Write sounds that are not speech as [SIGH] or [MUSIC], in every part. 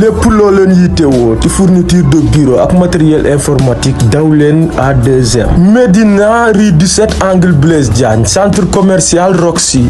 lépp loo leen yittewoo ci fourniture de bureau ak matériel informatique daw leen à 2M Médina rue 17 angle Blaise Diagne centre commercial Roxy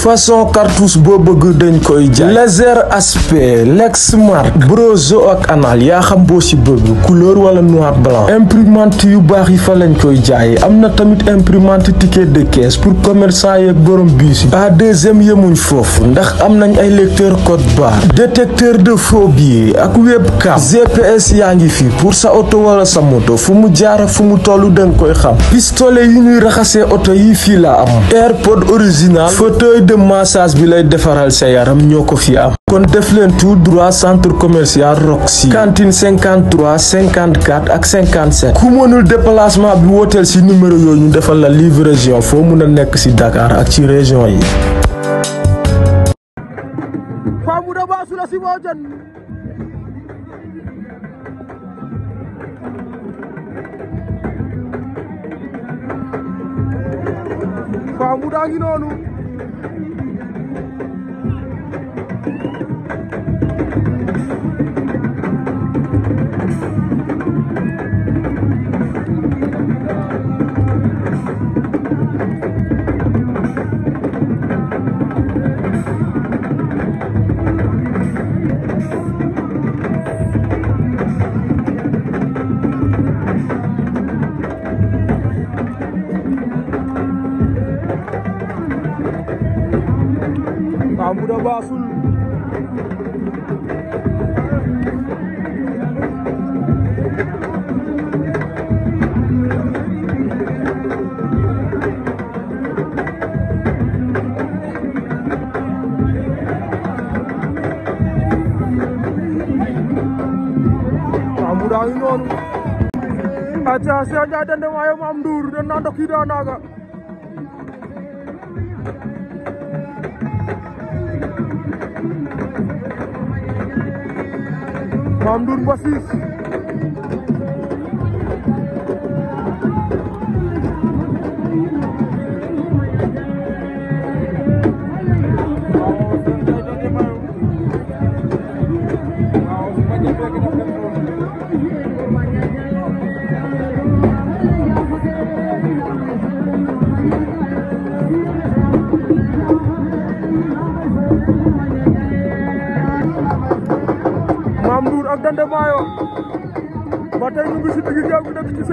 façon cartouche boo bëgg dañ koy jaay laser aspect Lexmark Brozo ak anal yaa xam boo si bëgg couleur wala noir blanc imprimante yu baax yi fa lañ koy jaay am na tamit imprimante ticket de caisse pour commerçant yeeg borom biis yi à 2M yemuñ foofu ndax am nañ ay lecteur code barre détecteur de faux billets yi ak webcam GPS yaa ngi fi pour sa oto wala sa moto fu mu jaar fu mu toll danga koy xam pistolet yi ñuy raxasee oto yi fii la am AirPod original fauteuil dem massage bi lay defaral sa yaram ñoo ko fi am kon def leen tout droit centre commercial Roxy cantine 53 54 ak 57 ku mënul déplacement bi wooteel ci numéro yooyu defal la livraison foo mën a nekk ci dakaar ak ci région yi. Babou daa ngi noonu dende maayo maam nduur den na ndokiida naaga nduur mbasiis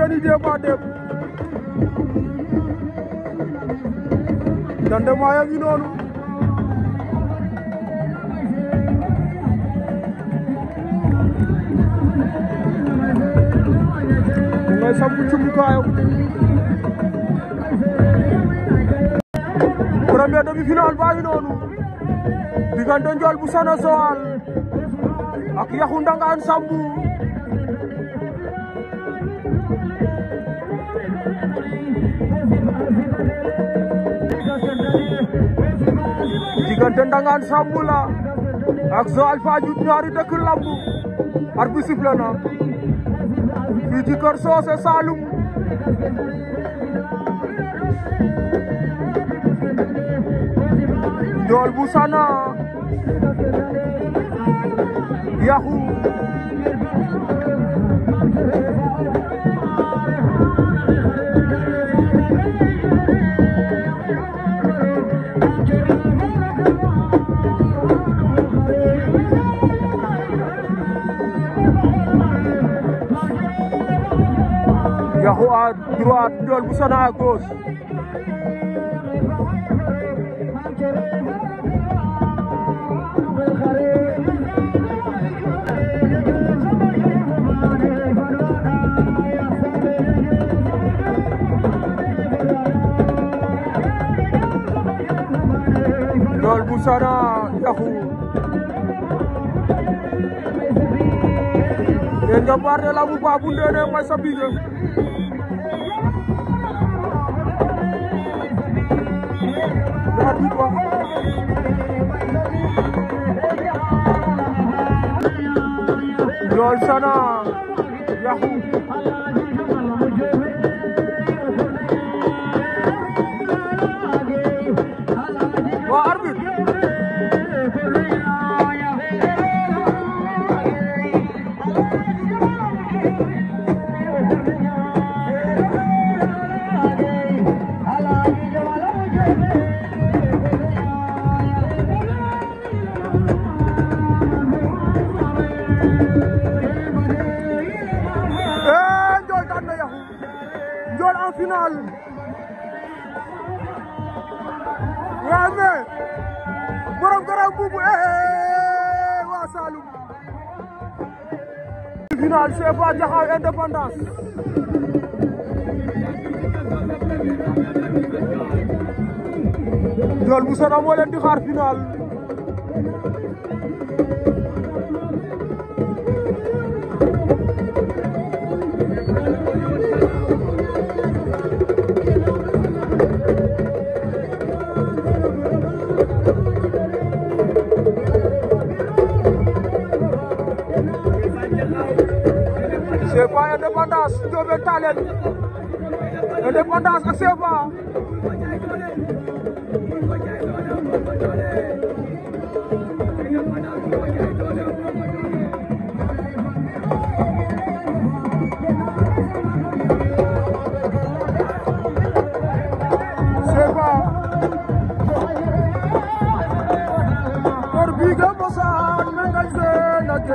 organisé par des Dande Maayo a noonu mu ngay samp cumbukaayam premier demi-finale baa ngi noonu diggante Ndiol bu Sana Joal ak Yaxu Sambu Ndeysaan Sambou la ak Joal Fadiouth ñaari dëkk lamb arbitre sifflé na fii ci kër Socé Saloum Ndiol bu Sana Yaxu Sakho à droite, Ndiol Boussana à Busana Yahoo. Yang gambarnya labu babu yang masa bingung. Yol sana. Sono moo leen di xaar final C'est pas l'indépendance, Ndiobène Talen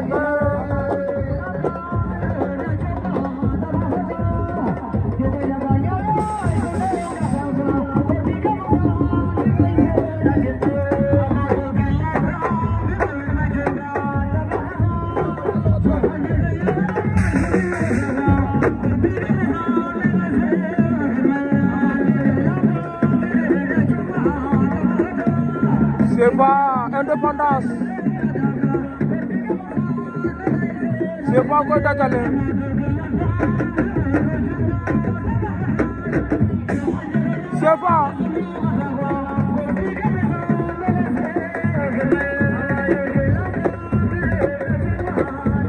Good ko dajale Chefa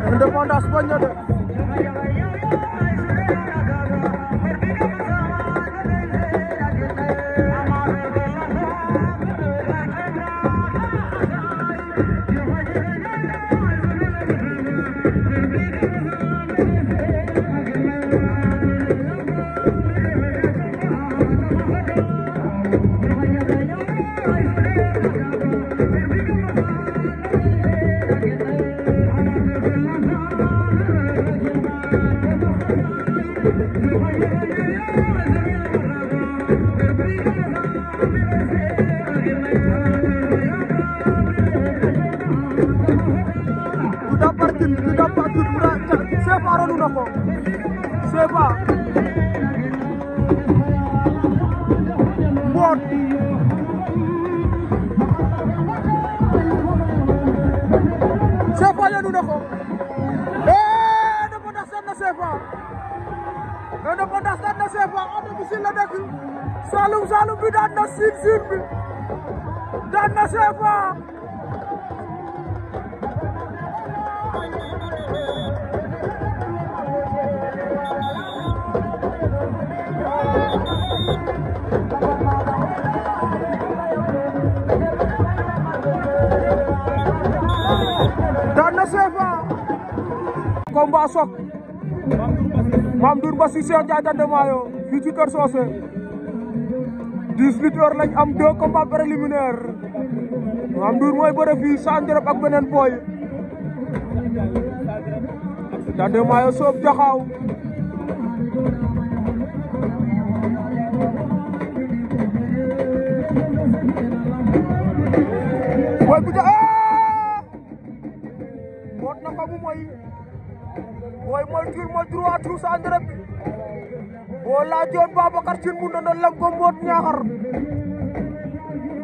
on demande à se gañe du na ko ee Ndongo Ndax Stade na CFA mais Ndongo Ndax Stade na la dëkk Saloum Saloum bi daan na siin bi daan na combat soog Mame Ndour Mbassy Cheikh Ndiaye Dande Mayo fii ci Kër am deux combats préliminaires Mame Ndour mooy bëre fii Sandirab ak beneen boy Dande Mayo soob jaxaaw boy ja ee eh! moot na ko mu booy moytuwul mooy droiture sa engrais bi boo laajoon Babacar Tine mu ne la ko mboot ñaaxar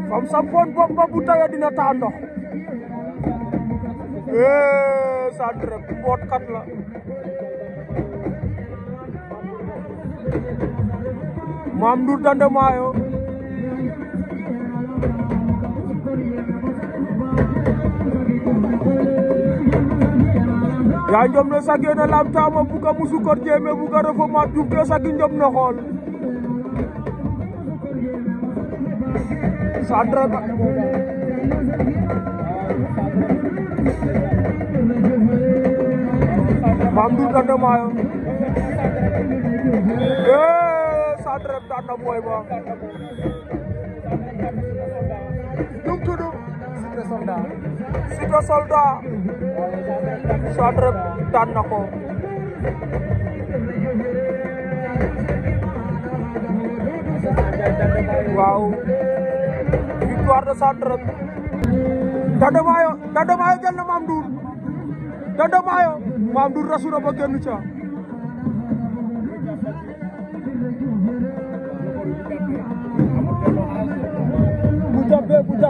fam sa foon bopp ba bu tawee dina taa ndox eh sa engrais bi kat la. Mame Ndour Dande Maayo yaa njom no sage no lamtama buga musukor jeme buga refo ma duf do sagi njom no xool sadra mam du tanda mayo e sadra tanda boy ba Siteu soldat Siteu soldat na ko waaw victoire de Sotre Dado Mayo Dado Mayo na Mame Ndour Dado Mayo ca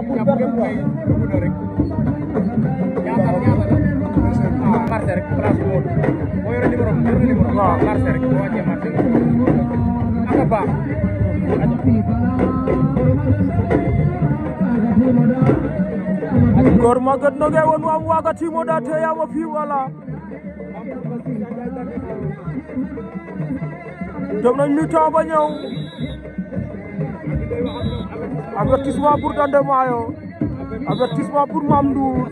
Góor ah, ah, Maguette no ngay woon waam waaga tiimo daa yaa ma fii wala dem nañ mi temps ba ñëw avertissement pour Dondé Mayo avertissement pour Mame Ndour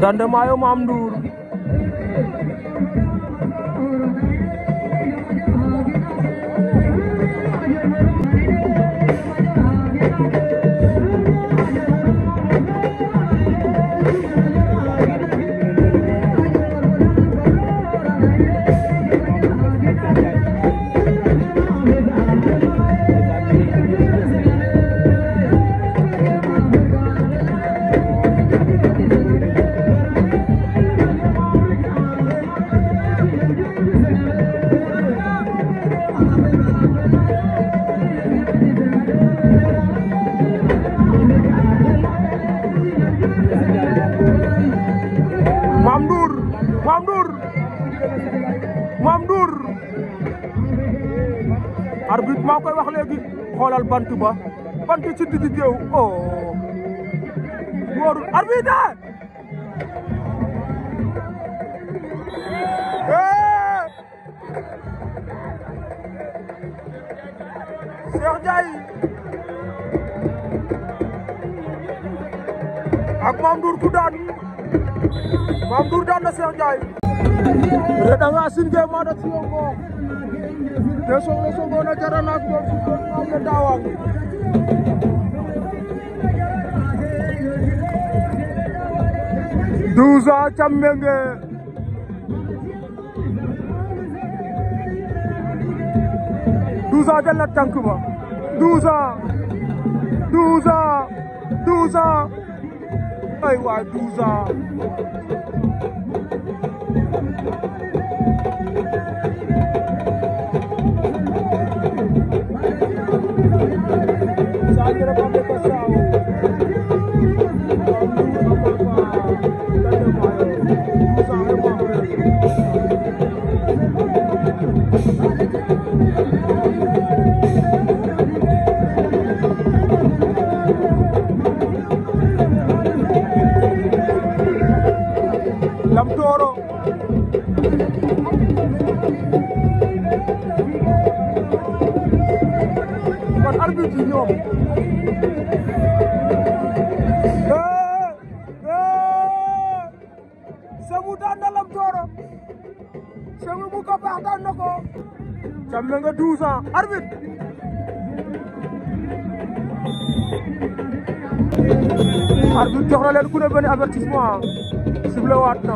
Dondé Mayo Mame ngi ci digg géew oh wóorul arbitre eh! Cheikh Ndiaye ak Mame Ndour ku daan Mame Ndour daan na Cheikh Ndiaye re danga sin ge ma da siyongo te songo songo na jarana ak doon su doon na ke daawang Douza Thiambengue Douza jël na tànk ba Douza Douza Douza Thiam nga 12 ans arbitre arbitre jox na leen ku ne benn avertissement sifflé waat na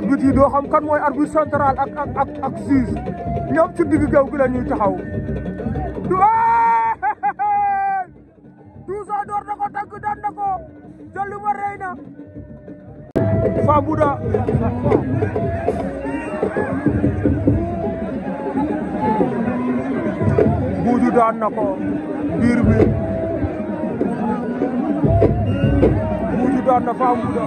arbitre yi kan mooy arbitre central ak ak ak ci digg géew gi la ñuy taxaw du [LAUGHS] Douza door na ko tànk daan na ko jël ma rey na Fambouda Buuju daan na ko biir bi Buuju daan na Fambouda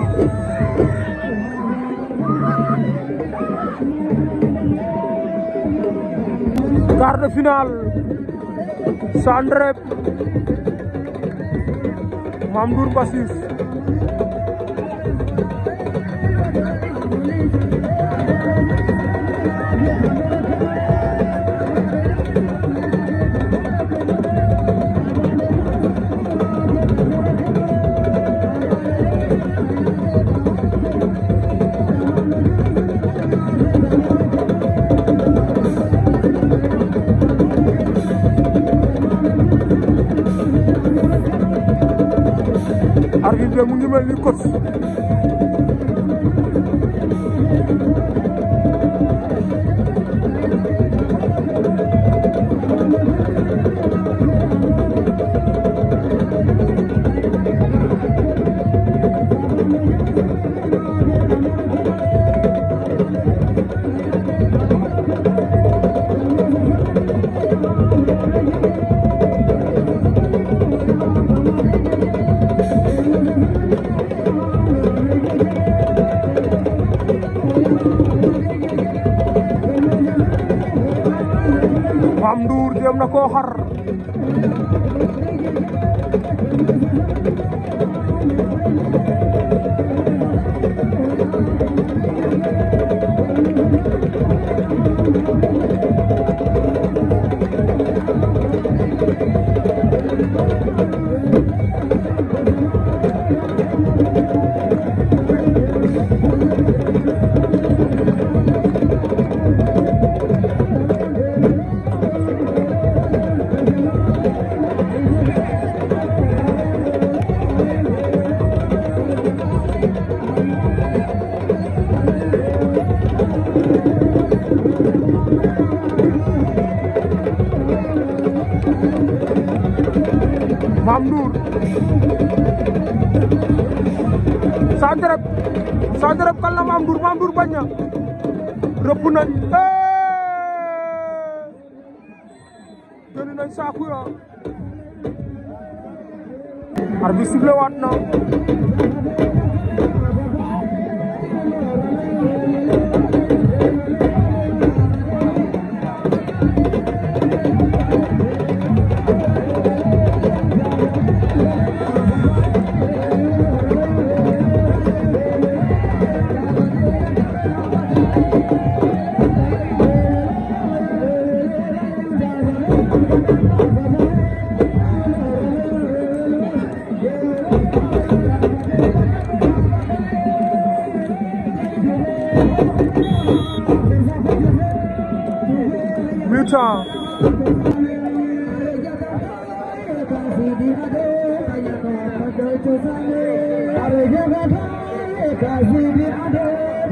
quart de finale Sandrep Mamdour Bassis mu ngi mel ni na koo xar bañ na rëpp nañ jëli nañ saaku ya arbitre bi sifflé waat na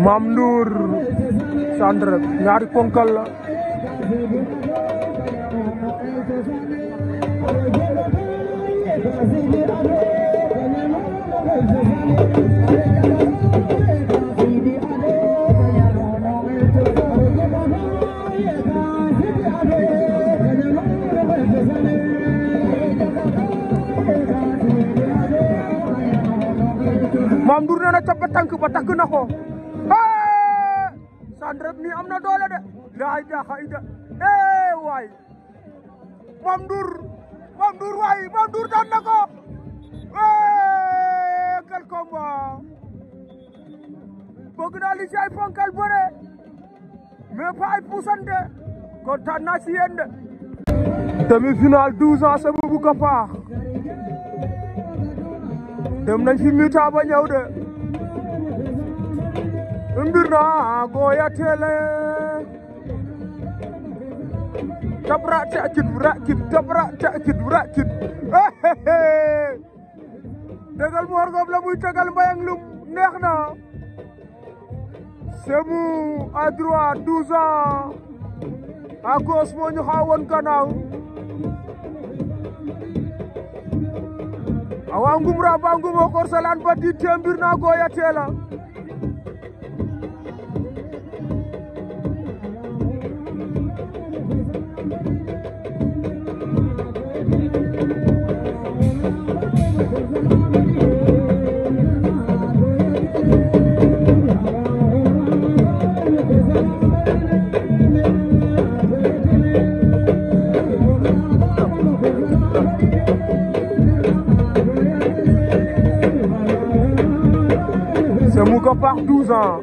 Mame Ndour Sandra ñaari ponkal la ba takk na ko eh Sandrep mi am na doole de laay daxa ida eh waay Mame Ndour Mame Ndour waay Mame Ndour na ko eh quel combat bëgg naa ay ponkal bëre mais pas ay puusante kontaan naa ci yéen de demi-finale 12 ans sama bu paax dem nañ mi taa ba de Ndura goya tele Dabrak cak gid burak gid dabrak cak gid burak gid eh, Tegal mu harga bela muy tagal bayang lum nekhna Semu a droit 12 ans A gauche mo ñu xawon kanaw Awangum ra bangum ko salan ba di tembir na goya tele avoir 12 ans.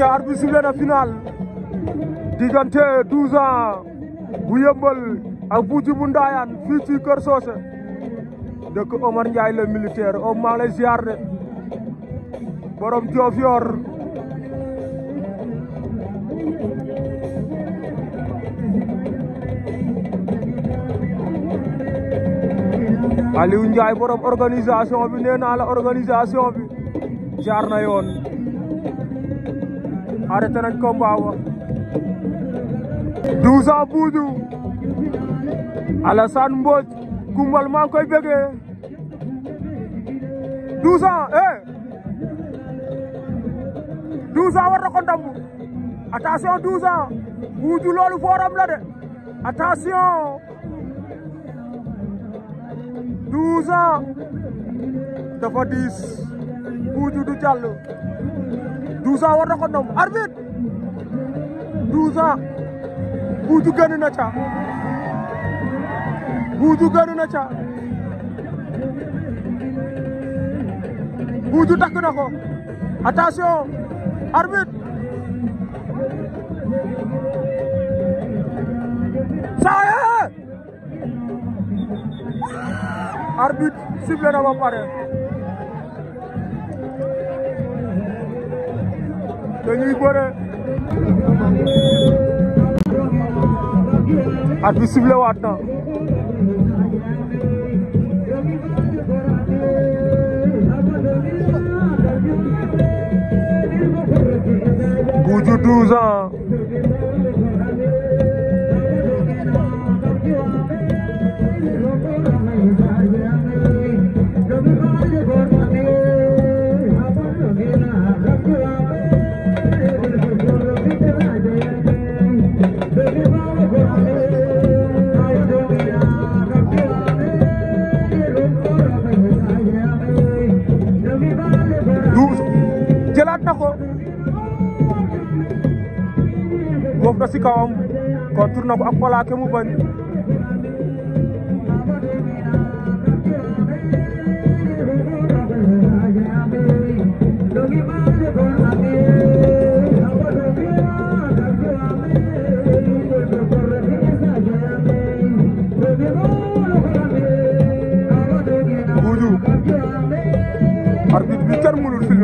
ca arbitre sifflé na final diggante 12 ans bu yëmbal ak buuji bu ndaayaan fii ci Kër Socé dëkk Omar Ndiaye le militaire om maa ngi lay ziar de borom Diofior Aliou Ndiaye borom bi nee la organisation bi jaar na yoon arrêté nañ combat wa Douza Buudu Alassane Mbodj maa ngi koy bëggee Douza eh Douza ko ndàmbu attention Douza Buudu loolu fooram la de attention Douza dafa diis Buudu du jàll douze ans war na ko ndomb arbitre douze ans buuju gën na ca buuju gën na ca buuju takk na ko attention saaye arbitre sifflé na ba pare dañuy bëre at bi sifflé waat na Buuju douze ans boof na si kawam kontur na ko ak plaqué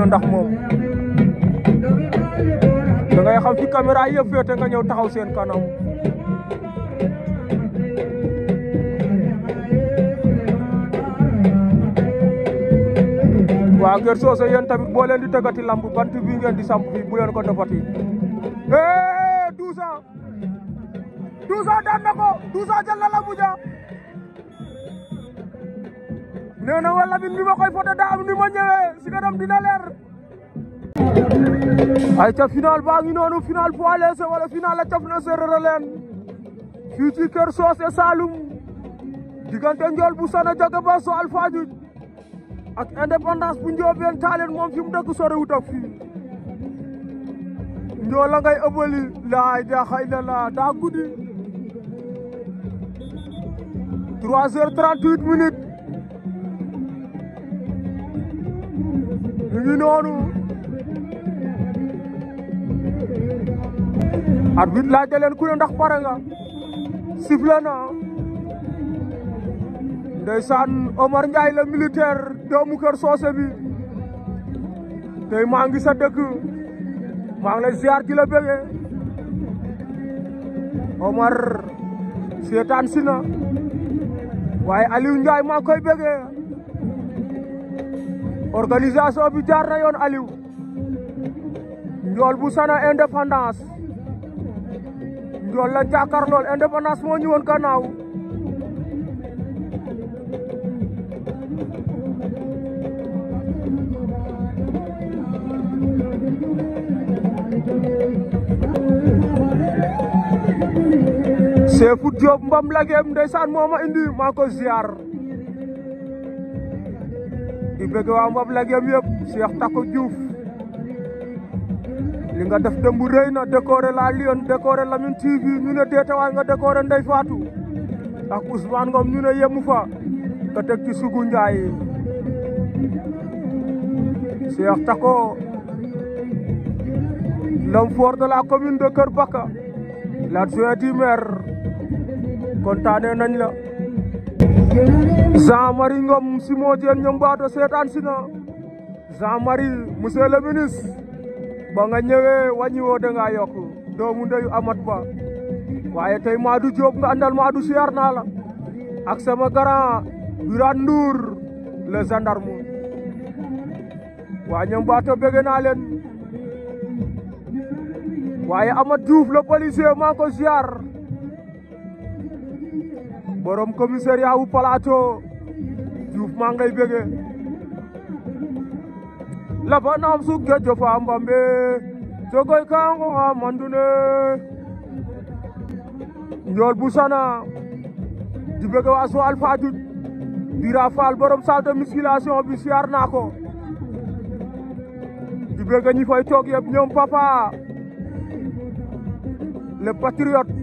ndax moom ci caméra yo ya, féete nga ñew taxaw seen kanam wa gër soso yeen tamit bo leen di lamb bant bi ngeen di samp fii bu leen ko defati eh 12 ans 12 ans ko nako 12 ans jël la buja na wala bi ni ma koy foto ni ma ci dina leer ay ca final baa ngi noonu final poids wala final la caf na leen fii ci Kër Socé Saloum diggante Ndiol bu Sana Jaga ba so ak indépendance bu Ndiobène Tallène moom fi mu dëkk soriwut ak fii Ndiol la ngay ëbbali laa jaaxay na laa daa guddi 3 heures 38 minutes ñu arbitre laajte ku ne ndax pare nga sifflé Omar Ndiaye la militaire doomu kër soose bi tey maa ngi sa dëkk maa ngi lay ziar di la Omar seetaan si waaye Aliou Ndiaye maa koy bëggee organisation bi jaar na yoon Aliou njool bu sana indépendance loolu la jàkkaar lool indépendance moo ñu woon gannaaw Seefu Diop indi ziar di bëgg mbam li nga def démb rëy na décorer la Lyon décorer Lamine TV ñu ne deetawaay nga décorer Ndeye Fatou ak Ousmane Ngom ñu ne yemu fa ka teg ci Sougou Ndiaye Cheikh Tako l'homme fort la commune de Kër Baka l'adjoint du maire kontaane nañ la Jean Marie Ngom Simon Dieng ñoom mbaato seetaan si na Jean Marie monsieur le ministre ba nga ñëwee wàññi woo da yokk doomu ndeyu amat ba waaye tey Madou Diop nga àndal Madou siyaar naa la ak sama grand Birane Ndour le gendarme waa ñoom baato bëgg naa leen waaye Amath Diouf le policier maa ko siyaar borom commissariat wu Plateau Diouf maa ngay bëgg labanam suke jofa mbambe jogoy kango ha mandune njol busana di bëgg waa so alfa dut dira faal borom salle de bi siyaar naa ko di bëgg ñi toog yëpp ñoom papa le patriote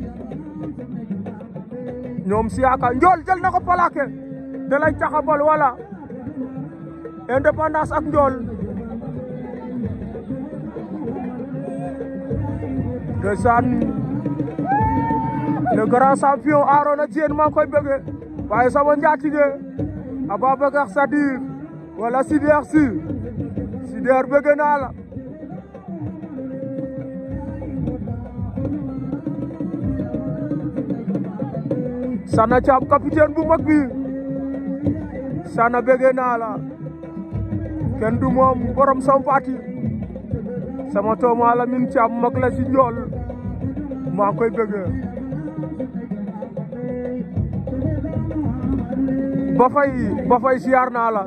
ñoom siyaaka njool jël na ko plaqué da lay taxabal wala indépendance ak njool ndeysaan le grand champion Arona Diène maa ngi koy bëgge waaye sama njaatige Ababacar Sadir wala Sider si Sider bëgge naa la Sana Thiam capitaine bu mag bi Sana bëgge naa la kenn du moom borom sama sama tooma la min Thiam mag la si njool maa koy bëgg ba fay ba fay siyaar naa la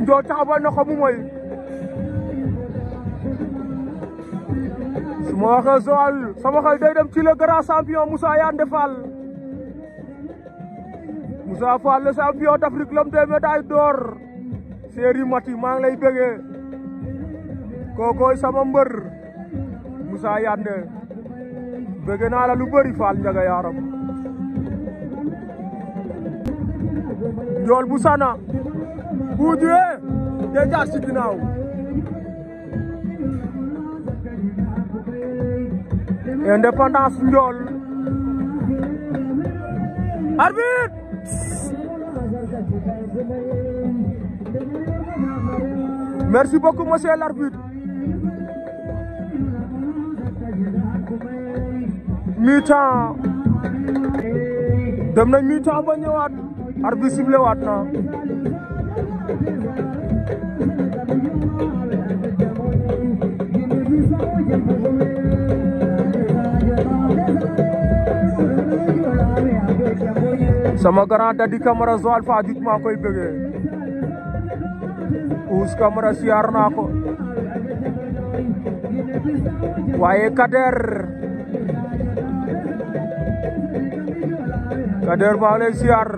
njoo taxawal na ko mu moy su waxee sama xel day dem ci le grand champion Moussa Yande Fall Moussa Fall le champion d'Afrique l'homme des médailles d'or Séri Mati maa lay bëggee kookooy sama mbër Moussa Yandé bëgg naa la lu bëri Fall Ndiaga Yaram Njool bu sana bu jee jaar ci ginnaaw indépendance Njool arbitre merci beaucoup monsieur l'arbitre mi-temps dem nañ mi-temps ba ñëwaat arbitre sifflé waat na sama grand dadi Camara Joal Fadiouth maa koy bëggee Ousse Camara siyaar naa ko waaye Kader Kader maa ngi lay siyaar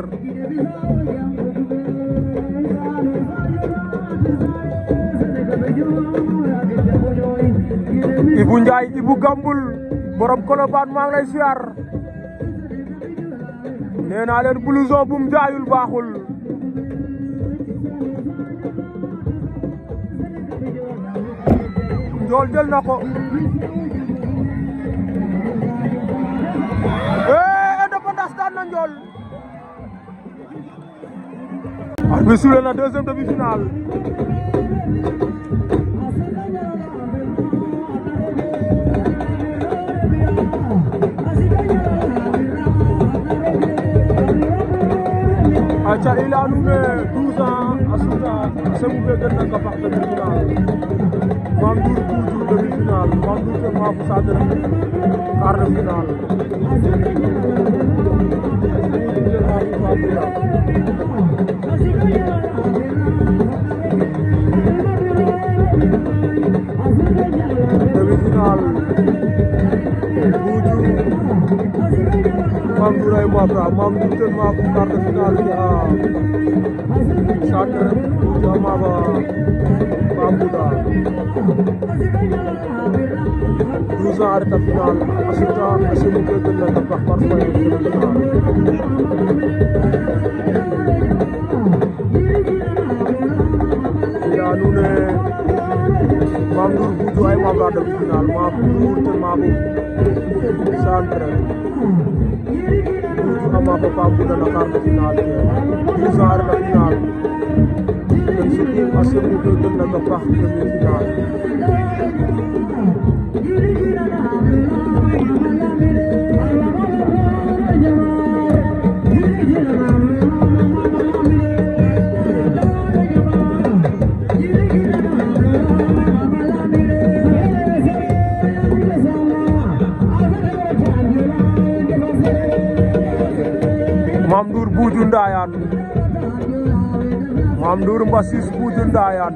Ibu Njaay Ibu Gambul borom Colobane maa ngi lay nee naa leen blouson jaayul baaxul njool jël na ko na njool ar bi sifflé na deuxième demi-finale aca il a nume douze ans a suta a semube gen na kapax demi-finale Mame Ndour toujours demi-finale Mame Ndour ten ma fo sa demi quart de finale Mam Durai Matra, Mam Durai Matra, Mam Durai Matra, start कर बाबा बाबूला روزة على تفضل أشجع أشجع كل تبقى فرصة لأنه مامدور بوجو أي مامدور دبي كنال مامدور تمامو سانتر ਮਾਂ ਬਾਪ ਦੀ ਲੜਾਕਾਰ ਦੇ ਨਾਲ ਹੈ ਜ਼ਾਰ ਰੱਖੀ ਨਾਲ ਸਿੱਧੀ ਅਸਲ ਨੂੰ ਦੇ ਦਿਲ ਦਾ ਪਾਹ ਦੇ ਨਾਲ Buuju Ndaayaan Maam Nduur Mbasis Buuju Ndaayaan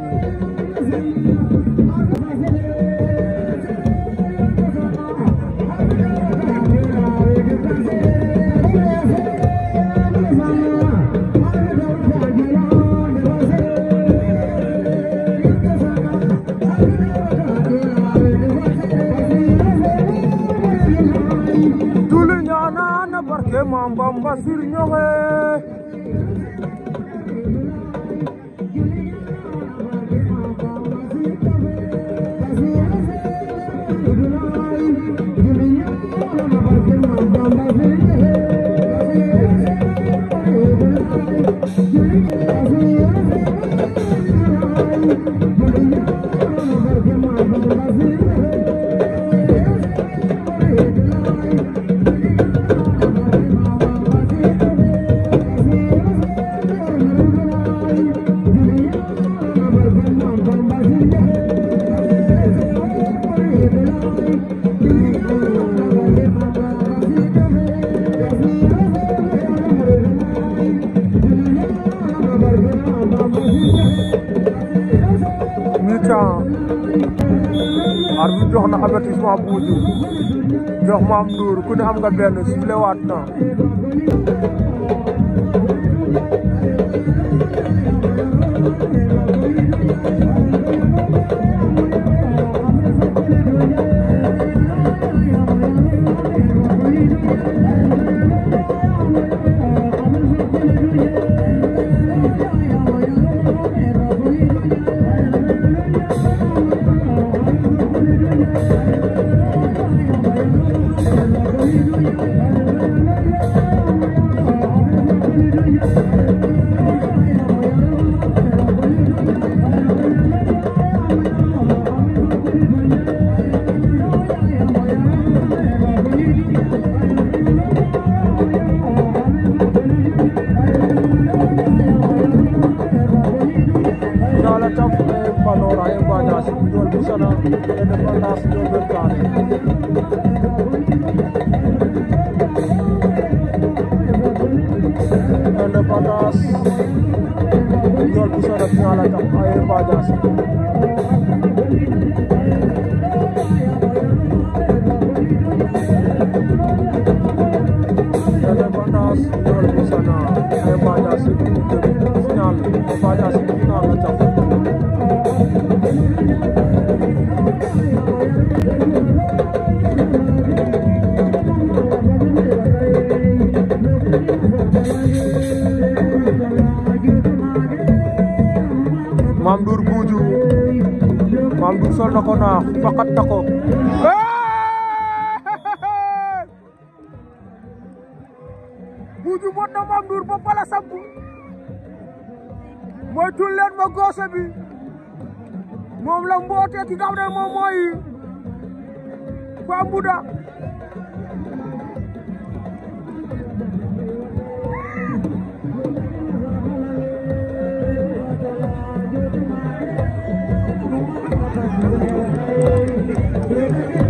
Thiam arbitre jox na avertissement Bouba Diouf jox Mame Ndour ku ne am nga benn sifflé waat na Badas. Yol bu sonra finale kalmayı Badas. bi moom la mbootee ki nga mom. ne moom eh. Thank you.